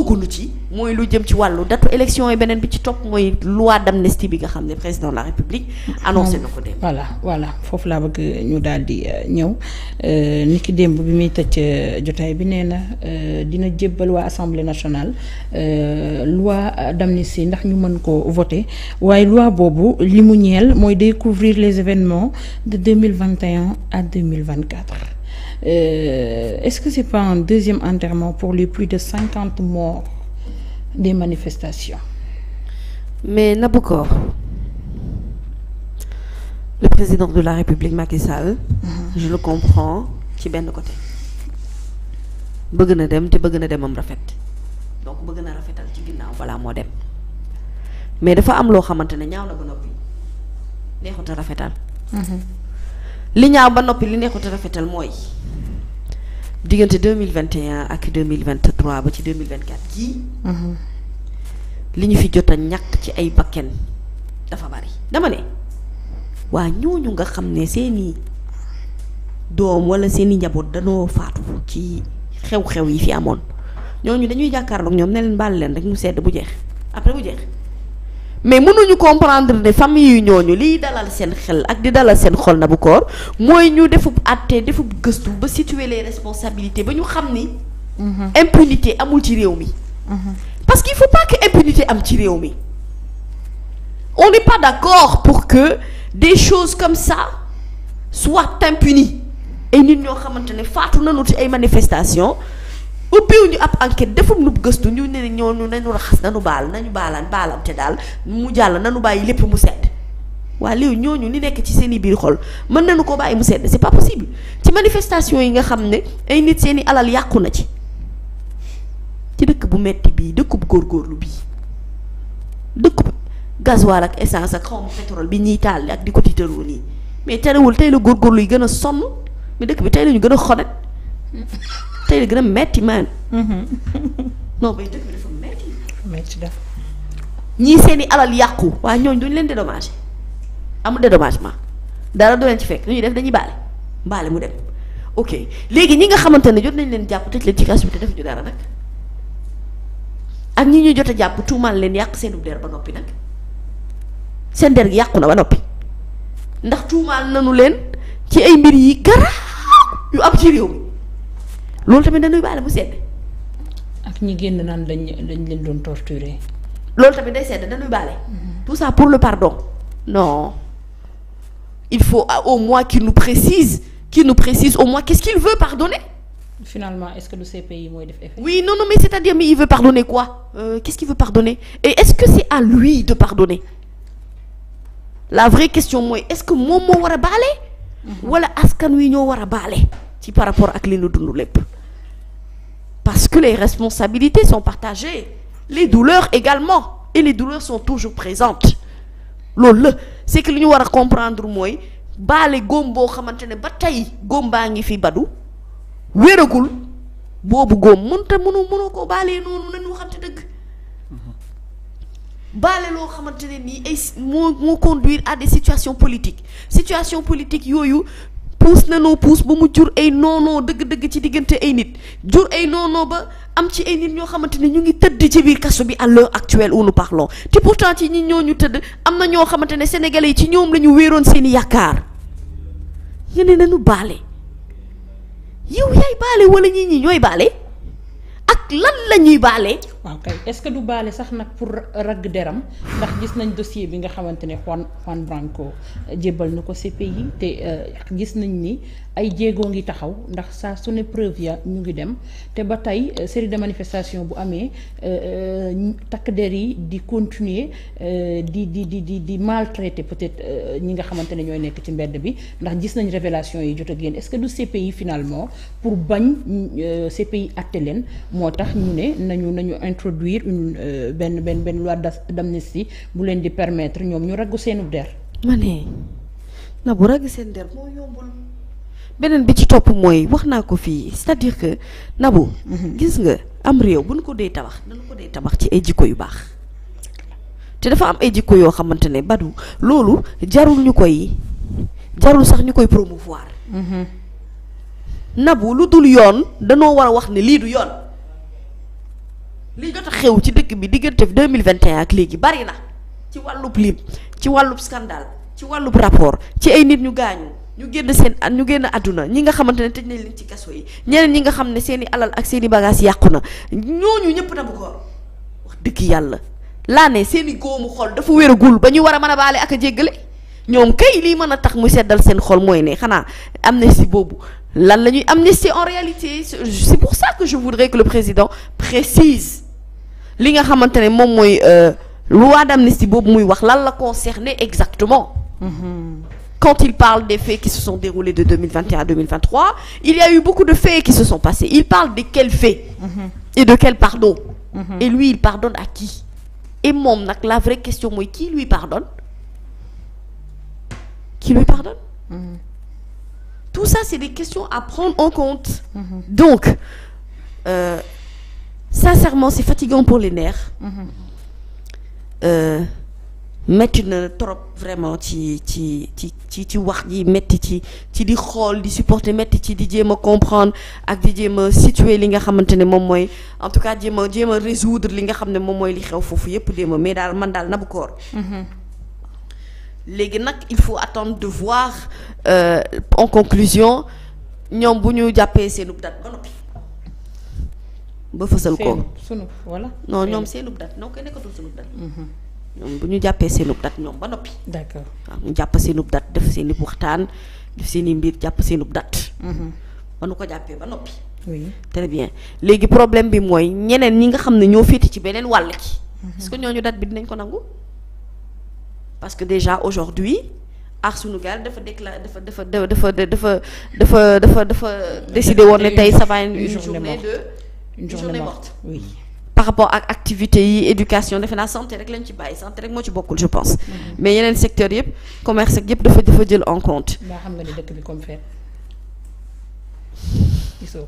duggagunu ci mooy lu jëm ci wàllu datu élection yi beneen bi ci topp mooy loi d'amnistie bi nga xam ne président de la république annoncé na ko voilà foofu laa bëgg ñu daal di euh, ñëw euh, ni ki démb bi muy tëj euh, jotaay bi nee na dina jébbal waa assemblée nationale loi d'amnistie ndax ñu mën ko voter waaye loi boobu li mu ñeel mooy day couvrir les événements de 2021 à 2024 Euh, est-ce que c'est pas un deuxième enterrement pour les plus de cinquante morts des manifestations. mais Nabokor le président de la République Macky Sall. Mhm. je le comprends ci benn côté. bëgg na dem te bëgg na demam rafet donc bëgg na rafetal ci ginnaaw balaa moo dem mais dafa am loo xamante ne ñaaw na ba noppi neexut a rafetal. Mhm. li ñaaw ba noppi li neexut a rafetal mooy diggante deux mille vingt et un ak deux mille vingt trois ba ci deux mille vingt quatre kii. Mhm. li ñu fi jot a ñàkk ci ay bakken dafa bari dama ne waa ñooñu nga xam ne seeni doom wala seeni njaboot danoo faatu ci xew-xew yi fi amoon ñooñu dañuy jàkkaarloog ñoom ne leen baal leen rek mu sedd bu jeex après bu jeex. mais mënuñu comprendre ne famille yu ñooñu liy dalal seen xel ak di dalal seen xol na bu koor mooy ñu defub àtte defub gëstu ba situer les responsabilités ba ñu xam ni mhm. impunité amul ci réew mi mhm. parce que faut pas que impunité am ci réew mi on n'est pas d'accord pour que des choses comme ça soient impunies ay nit ñoo xamante ne faatu nañu ci ay manifestations ubbiwuñu ab enquête defum lu gëstu ñu ne ñoonu nañu raxas nañu baal nañu baalaan te daal mu jàll nañu bàyyi lépp mu sedd waa ñoo ñu li nekk ci seen i biir xol mën nañu ko bàyyi mu sedd c'est pas possible ci manifestation yi nga xam ne ay nit seeni i alal yàqu na ci ci dëkk bu metti bii dëkk góor góorgóorlu bii dëkku bu ak essence ak xaw ma pétrole bi ñuy taal ak di ko tiitaroo nii mais terewul tey la góorgóorlu yi gën a sonn mais dëkk bi tey la gën a xonet tey gën a metti maan. Mm-hmm. non bay ñii seen i alal yàqu waaye ñooñu duñ leen dédommagé amul dédommagement dara du leen ci fekk lu ñuy def dañuy baale baale mu dem ok léegi ñi nga xamante ne jot nañ leen jàpp leen ci kaso bi te defuñu dara nag ak ñi ñuy jot jàpp tuumaal leen yàq seenu der ba noppi nag seen der gi yàqu na ba noppi ndax tuumaal nanu leen ci ay mbir yi garaaw yu am ci réew loolu tamit dañuy bàyyi bu sedd. ak ñi génn naan dañ dañ leen doon torturer. loolu tamit day sedd dañuy baale mm-hmm. tout ça pour le pardon. non il faut ah, au moins qu'il nous précise qu'il nous précise au moins qu'est-ce qu'il veut pardonner. finalement est-ce que le CPI mooy def effet. oui non non mais c'est-à-dire mais il veut pardonner quoi euh, qu'est-ce qu'il veut pardonner et est-ce que c'est à lui de pardonner la vraie question mooy est-ce que moom moo war a baale. Mm-hmm. wala askan wi ñoo war a baale. ci par rapport ak li ñu dund lépp. parce que les responsabilités sont partagées les douleurs également et les douleurs sont toujours présentes loolu la c'est que li ñu war a comprendre mooy baale góom boo xamante ne ba tey góom baa ngi fi badu wéragul boobu góom mënta mënu mënoo koo baalee noonu nañu waxante dëgg baale loo xamante ne nii ay moo moo conduire à des situations politiques situation politique yooyu puus nanoo puus ba mu jur ay noonoo dëgg-dëgg ci diggante ay nit jur ay noonoo ba am ci ay nit ñoo xamante ne ñu ngi tëdd ci biir kaso bi à l'heure actuelle où nous parlons te pourtant ci ñi ñoo ñu tëdd am na ñoo xamante ne sénégalais yi ci ñoom lañu ñu wéeroon seen i yaakaar ñu ne nañu baale yow yaay baale wala ñii ñi ñooy baale ak lan la ñuy baale waaw est-ce que du baale sax nag pour ragg deram ndax gis nañ dossier bi nga xamante ne Juan Juan Branco euh, jébbal na ko CPI te euh, gis nañ ni ay jéegoo ngi taxaw ndax saa su ne preuve ya ñu ngi dem te ba tey euh, série de manifestation bu amee takk der yi di continuer di di di di di maltraiter peut-être ñi nga xamante ne ñooy nekk ci mbedd bi ndax gis nañ révélation yi jot a génn est-ce que du CPI finalement pour bañ CPI atte leen moo tax ñu ne nañu nañu introduire une euh, benn benn benn loi d'amnistie bu leen di permettre ñoom ñu raggu seenu der ma ne na bu ragg seen der moo yombul beneen bi ci topp mooy wax naa ko fii cest di dire que Nabou mhm. gis nga am réew bu ñu ko dee tabax dañu ko dee tabax ci ay jikko yu baax te dafa am ay jikko yoo xamante ne badu loolu jarul ñu koy jarul sax ñu koy promouvoir mhm. Nabou lu dul yoon danoo war a wax ne lii du yoon li jot a xew ci dëkk bi diggante vingt 2021 ak léegi bari na ci wàllub lim ci wàllub scandale ci wàllub rapport ci ay nit ñu gaañu ñu génn seen ñu génn àdduna ñi nga xamante ne tëj nañ leen ci kaso yi ñeneen ñi nga xam ne seeni i alal ak seeni i yàqu na ñooñu ñëpp na bu ko wax dëgg yàlla laa ne seen i góomu xol dafa wéragul ba ñu war a mën a baale ak a jéggale ñoom kay lii mën a tax muy seddal seen xol mooy ne xanaa am na si boobu lan la ñuy amnistie en réalité c'est pour ça que je voudrais que le président précise li nga xamante ne moom mooy euh, loi d'amnistie boobu muy wax lan la concerner exactement mm-hmm. quand il parle des faits qui se sont déroulés de 2021 à 2023 il y a eu beaucoup de faits qui se sont passés il parle de quels faits mm-hmm. et de quel pardon mm-hmm. et lui il pardonne à qui et moom nag la vraie question mooy qui lui pardonne qui lui pardonne tout ça c'est des questions à prendre en compte mm -hmm. donc euh, sincèrement c'est fatigant pour les nerfs euh, metti na trop vraiment ci ci ci ci ci wax ji metti ci ci di xool di supporter metti ci di jéem a comprendre ak di jéem a situer li nga xamante ne moom mooy en tout cas jéem a jéem a résoudre li nga xam ne moom mooy li xew foofu yépp déema mais daal man daal Nabu Koor léegi nag il faut attendre de voir euh, en conclusion ñoom bu ñu jàppee seenub date ba noppi ba fësal ko sunu voilà non ñoom seenub dat noo koy nekkatul sunub date mhm. ñoom bu ñu jàppee seenub date ñoom ba noppi d'accord waaw ñu jàpp seenub date def seen i waxtaan def seen mbir jàpp seenub date mhm. ba nu ko jàppee ba noppi oui très bien léegi problème bi mooy ñeneen ñi nga xam ne ñoo féete ci beneen wàll ki mhm. est-ce ñooñu dat bi dinañ ko nangu parce que déjà aujourd'hui Aar Sunu Gaal dafa décla dafa dafa dafa dafa dafa dafa dafa décidé woon ne tey ça va une journée de une journée par rapport ak activités yi éducation defe naa santé rek lañ ci bàyyi santé rek moo ci bokkul je pense mm-hmm. mais yeneen secteur yëpp commerce ak yëpp dafa dafa jël en compte xam nga ne dëkk bi comme fête gisoo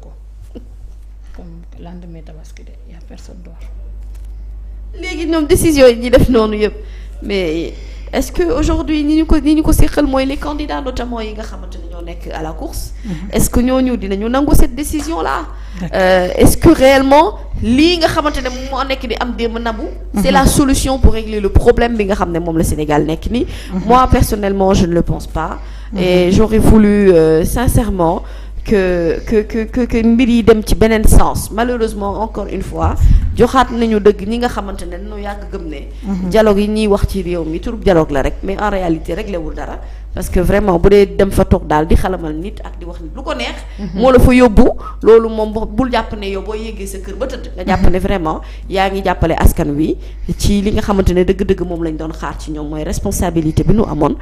tabaski de y a personne dehors léegi ñoom décision yi ñi def noonu yëpp mais est-ce que aujourd'hui ni ñu ko ni ñu ko seqal mooy les candidats notamment yi nga xamante ne ñoo nekk à la course mhm. est-ce que ñooñu dinañu nangu cette décision là euh, est-ce que réellement lii nga xamante ne moo nekk di am démb nabu c'est mhm. la solution pour régler le problème bi nga xam ne moom la Sénégal nekk nii mhm. moi personnellement je ne le pense pas et j'aurais voulu euh, sincèrement que que que mbir yi dem ci beneen sens malheureusement encore une fois joxaat nañu dëgg ñi nga xamante ne dañoo yàgg gëm ne. Mhm. dialogue yi ñuy wax ci réew mi turub jaloog la rek mais en réalité réglé dara. parce que vraiment bu dee dem fa toog daal di xalamal nit ak di wax nit lu ko neex. Mhm. moo la fa yóbbu loolu moom bul jàpp ne yow boo yéegee sa kër ba tëdd. nga jàpp mhm. vraiment yaa ngi jàppale askan wi ci li nga xamante ne dëgg-dëgg moom lañ doon xaar ci ñoom mooy responsabilité bi nu amoon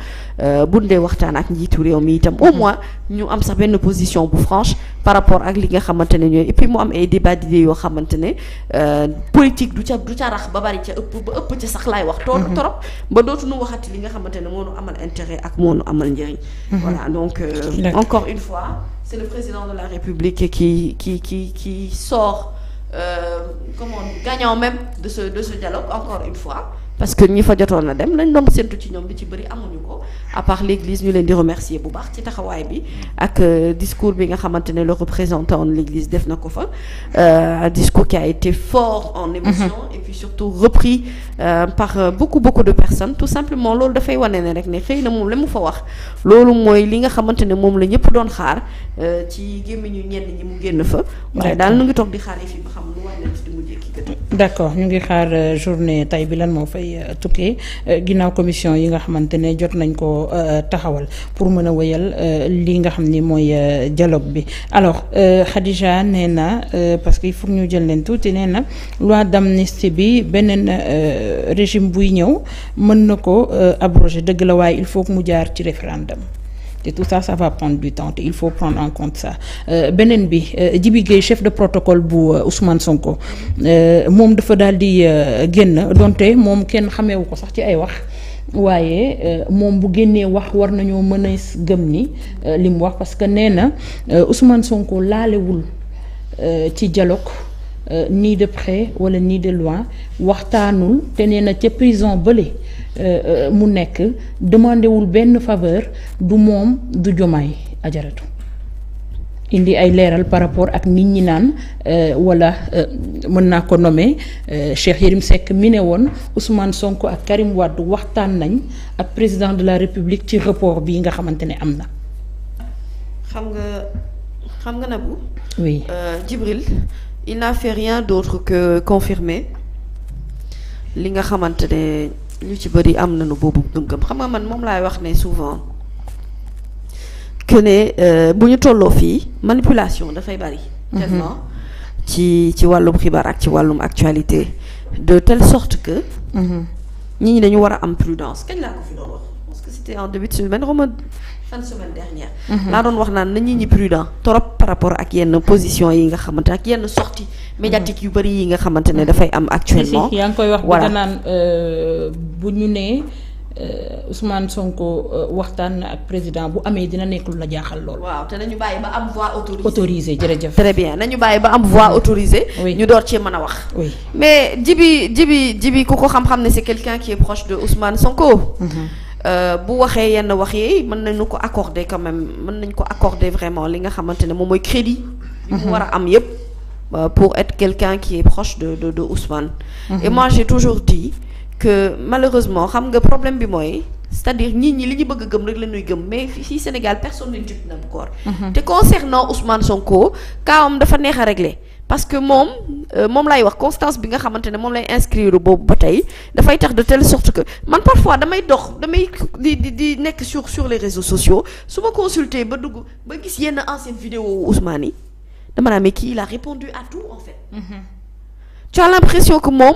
euh, bu dee waxtaan ak njiitu réew mi itam au mhm. moins ñu am sax benn position bu franche par rapport ak li nga xamante ne ñooy et mu am ay débat d'idées yoo xamante ne euh, politique du ca du ca rax ba bari ca ëpp ba ëpp ca sax laay wax. torop ba dootuñu waxati li nga xamante ne moo nu amal intérêt ak moom nu amal njëriñ mhm. donc euh, encore une fois c'est le président de la République qui qui qui qui sort euh, comment gagnant même de ce dialogue encore une fois parce que ñi fa jotoon na dem lañ doon séntu ci ñoom bi ci bëri amuñu ko à part l'église ñu leen di remercier bu baax ci taxawaay bi ak euh, discours bi nga xamante ne le représentant de l'église def na ko fa euh, un discours qui a été fort en émotion mm-hmm. et puis surtout repris euh, par beaucoup beaucoup de personnes tout simplement loolu dafay wane ne rek ne xëy na moom la mu fa wax loolu mooy li nga xamante ne moom la ñëpp doon xaar ci gémmiñu ñenn ñi mu génn fa waaye daal nu ngi toog di xaar yi d'accord ñu ngi xaar euh, journée tey bi lan moo fay euh, tukkee euh, ginnaaw commission yi nga xamante ne jot nañ ko taxawal pour mën a wéyal li nga xam ni mooy dialogue bi alors Khadija nee na parce que il faut ñu jël leen tuuti nee na loi d'amnistie bi beneen régime buy ñëw mën na ko abroger dëgg la waaye il faut mu jaar ci référendum te tout ça ça va prendre du temps il faut prendre en compte ça euh, beneen bi euh, Djibi Gueye chef de protocole bu euh, Ousmane Sonko moom dafa daal di génn donte moom kenn xameewu ko sax ci ay wax waaye moom bu génnee wax war nañoo mën a gëm ni li mu wax parce que nee na Ousmane Sonko laalewul ci dialogue Euh, nii de près wala nii de loin waxtaanul te nee ca prison bële euh, euh, mu nekk demandé wul benn faveur du moom du jomaay ajaratu indi ay leeral par rapport ak nit ñi naan wala mën naa ko nommer Cheikh Yérim Seck mi ne woon Ousmane Sonko ak Karim Wade waxtaan nañ ak président de la République ci rapport bii nga xamante ne am na. xam nga xam nga il n'a fait rien d'autre que confirmer li nga xamante ne ñu ci bëri am nañu boobu gëm xam nga man moom laay wax ne souvent que ne euh, bu ñu tolloo fii manipulation dafay bari. Mm-hmm. tellement ci ci wàllum xibaar ak ci wàllum actualité de telle sorte que. Mm-hmm. nit ñi dañu war a am prudence kañ laa ko fi doon wax parce que c'était en début de semaine fan semaine dernière. Mhm. laa doon wax naan na nit ñi prudent trop par rapport ak yenn position yi nga xamante ak yenn sortie médiatique yu bëri yi nga xamante ne mhm. dafay am actuellement. voilà yaa ngi koy wax bi nga naan euh, bu ñu ne euh, Ousmane Sonko euh, waxtaan ak président bu amee dina nekkul la jaaxal lool. waaw te nañu bàyyi ba am voix autorisée. jërëjëf. très bien nañu bàyyi ba am voix autorisée. ñu door cee mën a wax. oui mais jibi jibi jibi ku ko xam-xam ne si quelqu'un qui est proche de Ousmane Sonko. Mhm. Euh, bu waxee yenn wax yi mën nañu ko accorder quand même mën nañ ko accorder vraiment li nga xamante ne moom mooy crédit. bi mu mhm. war a am yépp euh, pour être quelqu'un qui proche de de de Ousmane. Mhm. et toujours dit que malheureusement xam nga problème bi mooy. c'est-à-dire nit ñi li ñu bëgg gëm rek la ñuy gëm mais fii Sénégal personne ne jub na encore. Mhm. te concernant Ousmane Sonko kaawam dafa neex a régler. parce que moom euh, moom lay wax bi nga xamante ne moom lay inscrire boobu ba tey dafay tax de telle sorte que man parfois damay dox damay di di di nekk sur sur les réseaux sociaux su ma consulter ba dugg ba gis yenn ancienne vidéo Ousmane yi dama naa kii il a à tout en fait. Mm -hmm. tu as l'impression que moom.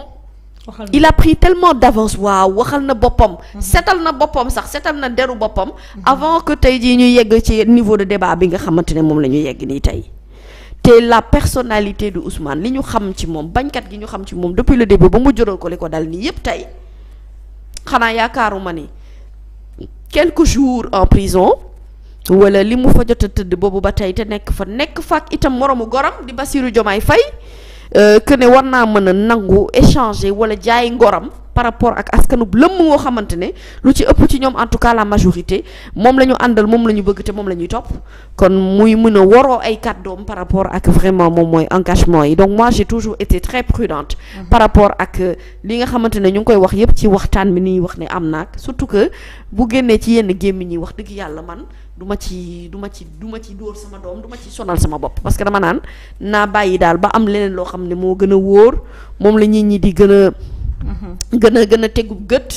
il a pris tellement d'avance waaw waxal na boppam mm-hmm. setal na boppam sax setal na deru boppam mm-hmm. avant que tey jii ñu yegg ci niveau de débat bi nga xamante ne moom la ñu yegg nii tey te la personnalité de Ousmane li ñu xam ci moom bañkat gi ñu xam ci moom depuis le début ba mu jural ko li ko dal nii yépp tey xanaa yaakaaruma ni quelque jours en prison wala li mu fa jot tëdd boobu ba tey te nekk fa nekk fa ak itam moroomu goram di Bassirou Diomaye Faye euh, que ne war naa mën a nangu échanger wala jaay ngoram par rapport ak askanub lëmm ngoo xamante ne lu ci ëpp ci ñoom en tout cas la majorité moom lañu àndal moom la ñu bëgg te moom la ñuy topp kon muy mën a waroo ay kàddoom par rapport ak vraiment moom mooy engagement yi donc moi j'ai toujours été très prudente mhm. par rapport ak euh, li nga xamante ne ñu ngi koy wax yépp ci waxtaan bi ni wax ne am naag surtout que bu génnee ci yenn gémmiñ yi wax dëgg yàlla man duma ci duma ci du ma ci dóor sama doom duma ci sonal sama bopp parce que dama naan naa bàyyi daal ba am leneen loo xam ne moo gën a wóor moom la nit ñi di gën a Mm-hmm. gën a gën a tegu gët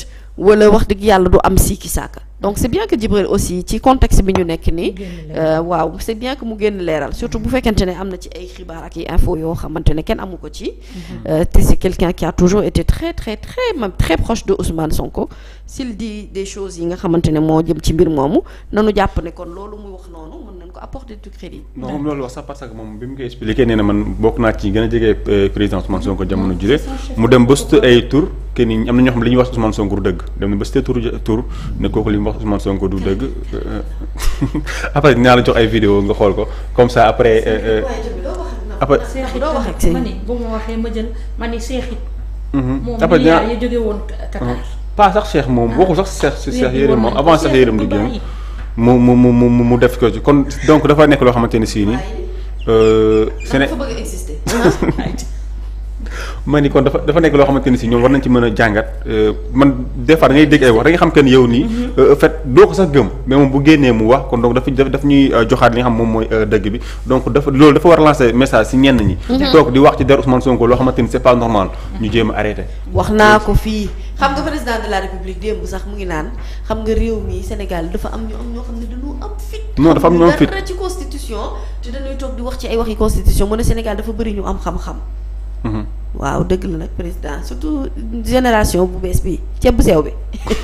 wala wax dëgg yàlla du am sikki saaka donc c'est bien que Djibril aussi ci contexte bi ñu nekk nii. Euh, waaw c'est bien que mu génn leeral surtout bu fekkente ne am na ci ay xibaar ak ay infos yoo xamante ne kenn amu ko ci. Mm-hmm. Euh, te c'est quelqu'un qui a toujours été très très très ma très proche de Ousmane Sonko s'il di des choses yi nga xamante ne moo jëm ci mbir moomu nanu jàpp ne kon loolu muy wax noonu mën nañ ko apporter du crédit. non moom loolu wax sax parce que moom bi mu koy expliqué nee na man bokk naa ci gën a jege euh, président Ousmane Sonko jamono jure mu dem ba ay que ni am na ñoo xam ne li ñuy wax Ousmane Sonko du dëgg dem na ba cité tour tour ne kooku li mu wax Ousmane Sonko du dëgg après dinaa la jox ay vidéo nga xool ko comme ça après. Euh, euh, après ma mhm. ni woon Qatar. Mhm. pas sax seex moom ah. waxul sax seex seex yërëm moom avant sax yërëm lu génn mu mu mu mu mu def ko ci kon donc dafa nekk loo xamante ne sii nii. man ni kon dafa dafa nekk loo xamante ni si ñoom war nañ ci mën a jàngat euh, man des fois da ay wax da xam que yow nii mhm. euh, fait doo ko sax gëm mais moom bu génnee mu wax kon donc dafa daf ñuy euh, joxaat li nga xam moom mooy dëgg bi donc dafa loolu dafa war a lancer message si ñenn ñi mhm. toog di wax ci der Ousmane Sonko loo xamante ni c'est pas normal ñu jéem a arrêté wax naa ko fii xam nga président de la république démb sax mu ngi naan xam nga réew mi Sénégal dafa am ñu am ñoo xam ne dañoo am fit non dafa am ñoo am fit dara ci constitution te dañuy toog di wax ci ay waxi constitution mu ne Sénégal dafa bëri ñu am xam-xam mhm. waaw dëgg la nag président surtout génération bu bees bi ceeb bu sew bi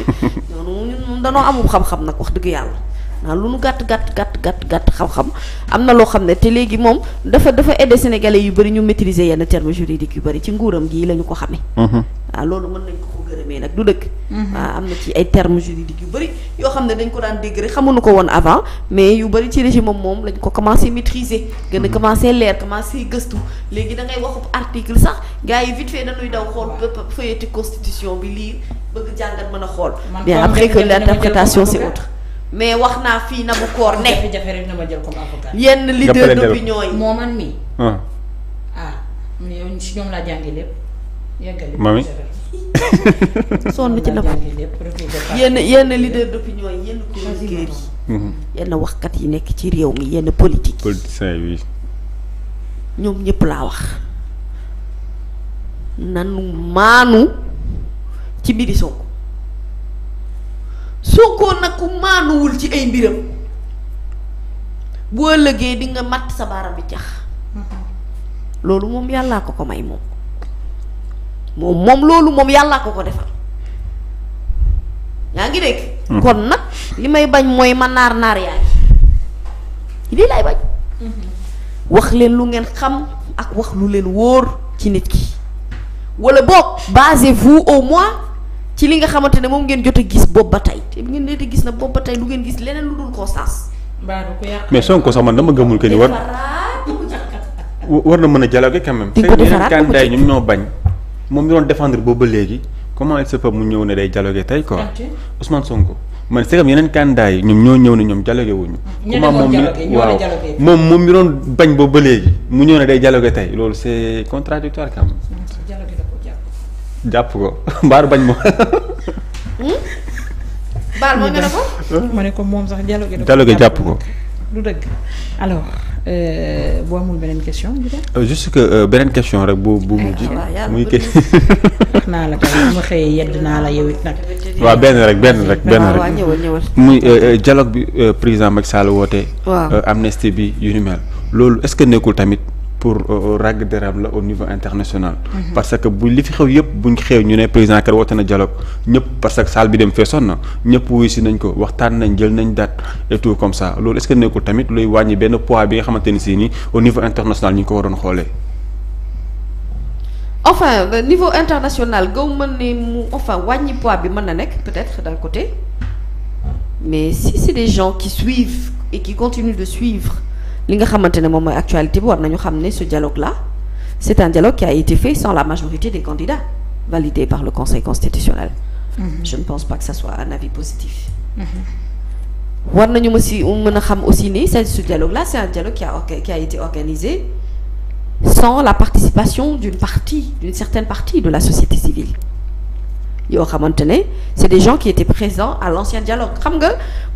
noonu ñun danoo amul xam-xam nag wax dëgg yàlla naa lu nu gàtt gàtt gàtt gàtt gàtt xam-xam am na loo xam ne te léegi moom dafa dafa aider sénégalais yu bëri ñu maîtriser yenn termes juridiques yu bëri ci nguuram gii lañu ko xamee. Mhm. waaw loolu mën nañ ko mais nag du dëkk waaw mhm. ah, am na ci ay termes juridiques yu bëri yoo xam ne dañ ko daan dégg rek xamuñu ko woon avant mais yu bëri ci régime moom lañ ko commencé maîtriser. gën a mhm. commencé leer commencé gëstu léegi da ngay wax article sax gars yi vite fait dañuy daw xool feuilleté constitution bi lii bëgg jàngat mën a xool. mais après que l'interprétation c'est autre. mais wax naa fii na mu koor ne. jafe-jafe na ma jël comme avocat. yenn leader d'opinion yi moo man mii. ah, ah mais yow si ñoom laa jàngee lépp yeggali. mami. sonn ci napp yenn yenn leader d'opinion yi yenn chroniqueurs yi mhm. yenn waxkat yi nekk ci réew mi yenn politique politiciens yi ñoom ñëpp laa wax nanu maanu ci mbiri Sonko Sonko nag ku maanuwul ci ay mbiram boo ëllëgee di nga matt sa baaram bi cax mhm. loolu moom yàllaa ko ko may moom moom moom loolu moom yàllaa ko ko defal yaa ngi dégg. Hmm. kon nag li may bañ mooy ma naar naar yaay lii lay bañ. Hmm. wax leen lu ngeen xam ak wax lu leen wóor ci nit ki walla boog basez-vous au moins ci li nga xamante ne moom ngeen jot a gis bopp ba tey te bu ngeen jot a gis na bopp ba tey du ngeen gis leneen lu dul constance. mais Sonko sax man dama gëmul que ni war war na mën a dialoguer quand même. di ko defaraat ñoom ñoo bañ. moom mi doon defendre boobu ba léegi comment il mu ñëw na day dialogué tey quoi Ousmane Sonko man c'est yeneen candidat yi ñoom ñoo ñëw ne ñoom dialogué wuñu moom waaw moom moom mi doon bañ boobu ba léegi mu ñëw ne day jaloge tey loolu c'est contradictoire quand même jàpp ko mbaar bañ ma baal ma nga ne ko ma ne ko moom sax dialogué dialogué jàpp ko du dëgg Euh, boo amul beneen question. Euh, juste que euh, beneen question rek bu bu mujj. Eh, muy kii naa la kay ma xëyee yedd naa la yow it nag. waaw benn rek benn rek benn rek muy dialogue bi président Macky Sall woote. waaw bi yu loolu est-ce que nekkul tamit. pour euh, euh, ràgg deram la au niveau international. Mhm. parce que bu li fi xew yëpp buñ xew ñu ne président kat woote na dialogue ñëpp parce que salle bi dem feesoon na ñëpp wuyu si nañ ko waxtaan nañ jël nañ date et comme ça loolu est-ce tamit luy wàññi benn poids bi nga xamante ni nii au niveau international ñu ko waroon xoolee. enfin euh, niveau international gaw mën ne mu enfin wàññi poids bi mën na nekk peut-être d'un côté mais si c'est des gens qui suivent de suivre. li nga xamante ne moom mooy actualité bi war nañu xam ne ce dialogue là c'est un dialogue qui a été fait sans la majorité des candidats validés par le Conseil constitutionnel mm je ne pense pas que ça soit un avis positif mm-hmm. war nañu ma si mën a xam aussi ni ce dialogue là c'est un dialogue qui a qui a été organisé sans la participation d'une partie d'une certaine partie de la société civile yoo xamante ne c'est des gens qui étaient présents à l'ancien dialogue xam nga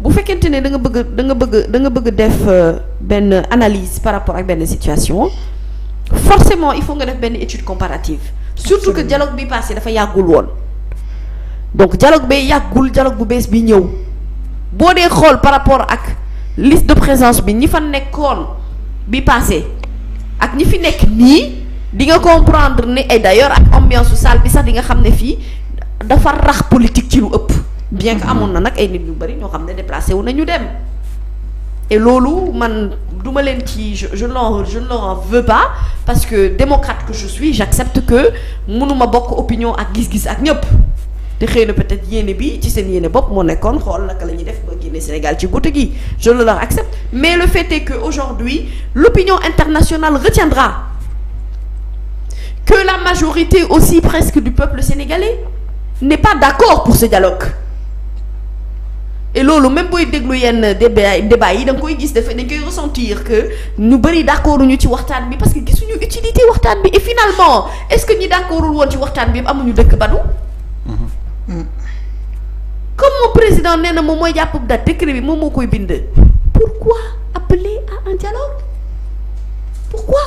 bu fekkente ne danga bëgg da nga bëgg da nga bëgg def euh, benn analyse par rapport ak benn situation forcément il faut nga def benn étude comparative surtout que dialogue bi passé dafa yàggul woon donc dialogue bay yàggul dialogue bu bees bi ñëw boo dee xool par rapport ak liste de présence bi ñi fa nekkoon bi passé ak ñi fi nekk nii di nga comprendre ne et d'ailleurs ak ambiance su bi sax di nga xam ne fii dafa rax politique ci lu ëpp bien que amoon na nag ay nit ñu bëri ñoo xam ne déplacé wu nañu dem et loolu man duma leen ci je je l'en je l'en veux pas parce que démocrate que je suis j'accepte que mënuma bokk opinion ak gis-gis ak ñëpp te xëy na peut-être yéene bi ci seen yéene bopp moo nekkoon xool naka la ñuy def ba génne Sénégal ci gouta gi je le leur accepte mais le fait est que aujourd'hui l'opinion internationale retiendra que la majorité aussi presque du peuple sénégalais n'est pas d'accord pour ce dialogue loolu même booy déglu yenn débat débat yi da nga koy gis dafa dañ koy ressentir que ñu bëri d'accord ñu ci waxtaan bi parce que gisuñu utilité waxtaan bi et finalement est-ce que ñi d'accordul woon ci waxtaan bi yëpp amuñu dëkk badu mm-hmm. mm-hmm. comme mon président nee na moom mooy jàpp date décret bi moom moo koy bind pourquoi appeler à un dialogue pourquoi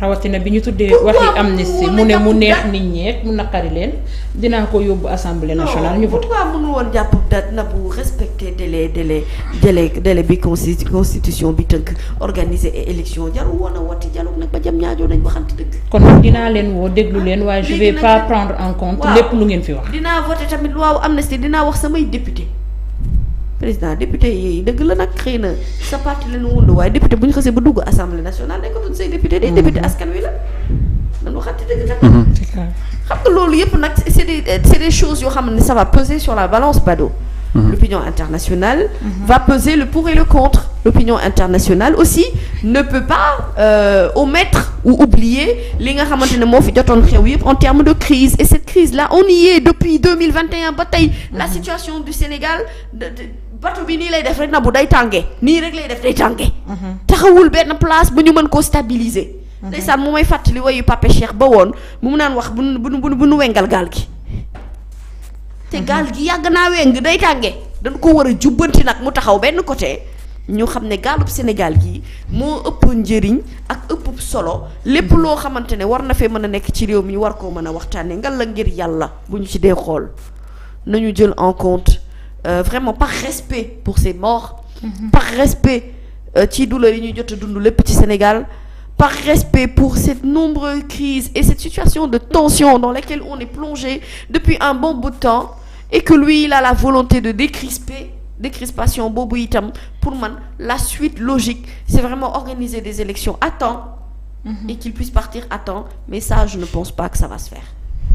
rawatina bi ñu tuddee waxi amnistie mu ne mu neex nit ñeek mu naqari leen dinaa ko yóbbu assemblée nationale ñu voté. pourquoi mënu woon jàpp date na bu respecter délai délai délai délai bi constitution bi tënk organiser et élection jarul woon a woti dialogue nag ba jëm ñaajoo nañ waxante dëgg. kon dinaa leen woo déglu leen waaye je vais pas prendre en compte lépp lu ngeen fi wax. dinaa voté tamit loi amnistie dinaa wax samay député. président député yi dëgg la nag xëy na sa parti la ñu wund waaye député bu ñu xasee ba dugg assemblée nationale dañ ko tudd say député day mhm. député askan wi la dañu waxante dëgg tam mhm. xam nga loolu yëpp nag c'est des c'est choses yoo xam ne sa va peser sur la balance Bado mhm. l'opinion internationale va peser le pour et le contre l'opinion internationale aussi ne peut pas euh, omettre ou oublier li nga xamante ne moo fi jotoon xew yëpp en termes de crise et cette crise là on y est bateau bi nii lay def rek na bu day tàngee nii rek lay def day tàngee. Mhm. taxawul benn place bu ñu mën koo stabiliser. Mhm. ndeysaan mu may fàttali woyu Pape Cheikh ba woon mu mu naan wax bu nu bu nu bu nu wengal gaal gi. te mhm. gaal gi yàgg naa weng day tàngee dañ ko war a jubbanti nag mu taxaw benn côté. ñu xam ne gaalub Sénégal gii moo ëpp njëriñ ak ëpp solo lépp loo xamante ne war na fee mën a nekk ci réew mi ñu war koo mën a waxtaanee ngal la ngir yàlla bu ñu ci dee xool nañu jël en compte. Euh, vraiment par respect pour ces morts mm par respect euh, ci douleur yi ñu jot a dund lépp ci Sénégal par respect pour cette nombreuse crise et cette situation de tension dans laquelle on est plongé depuis un bon bout de temps et que lui il a la volonté de décrisper décrispation boobu itam pour man la suite logique c'est vraiment organiser des élections à temps mm-hmm. et qu'il puisse partir à temps mais ça je ne pense pas que ça va se faire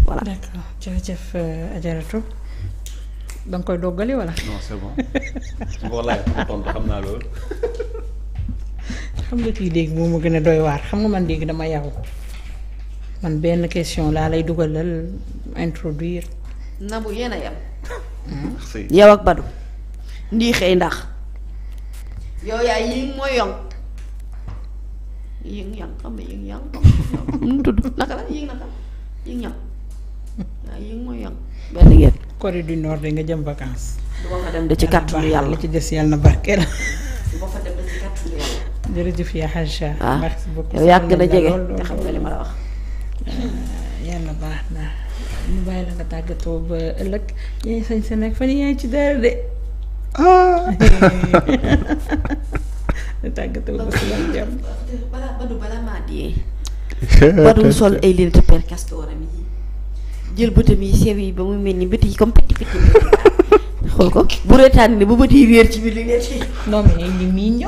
voilà da koy doggali wala. xam nga kii dégg moom ma gën a doy waar xam nga man léegi dama yaw man benn question laa lay dugalal introduire. Nabou yéen a yem. yow ak Badou. ndi xëy ndax. yow yaay yi nga yi yang xam nga mooy yong benn ngeen. Corée du Nord de nga jëm vacances. du ma fa dem de ci kàttanu yàlla ci des yàlla na barkeel. du ma de ci kàttanu yàlla. jërëjëf ah, a jege nga xam nga li ma la wax. Ah, yàlla baax na ñu nga tàggatoo ba ëllëg yaay sañ nekk fan yaay ci dara de. Ah. tàggatoo ba si lan jàmm. balaa Badou sol ay lirite per castor yi. jël bëtam yi sew yi ba mu mel ni bët yi comme petit petit xool ko bu reetaan ne bu bët yi wéer ci biir li ngeen ci. non mais mi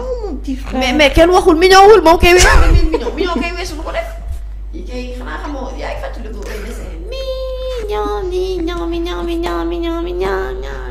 mais mais kenn waxul mi ñëwul moom kay weesu mi ñëw mi lu ko def. yi kay xanaa xamoo yaa ngi fàttaliku ay dessin. mi ñëw mi ñëw mi ñëw mi ñëw mi ñëw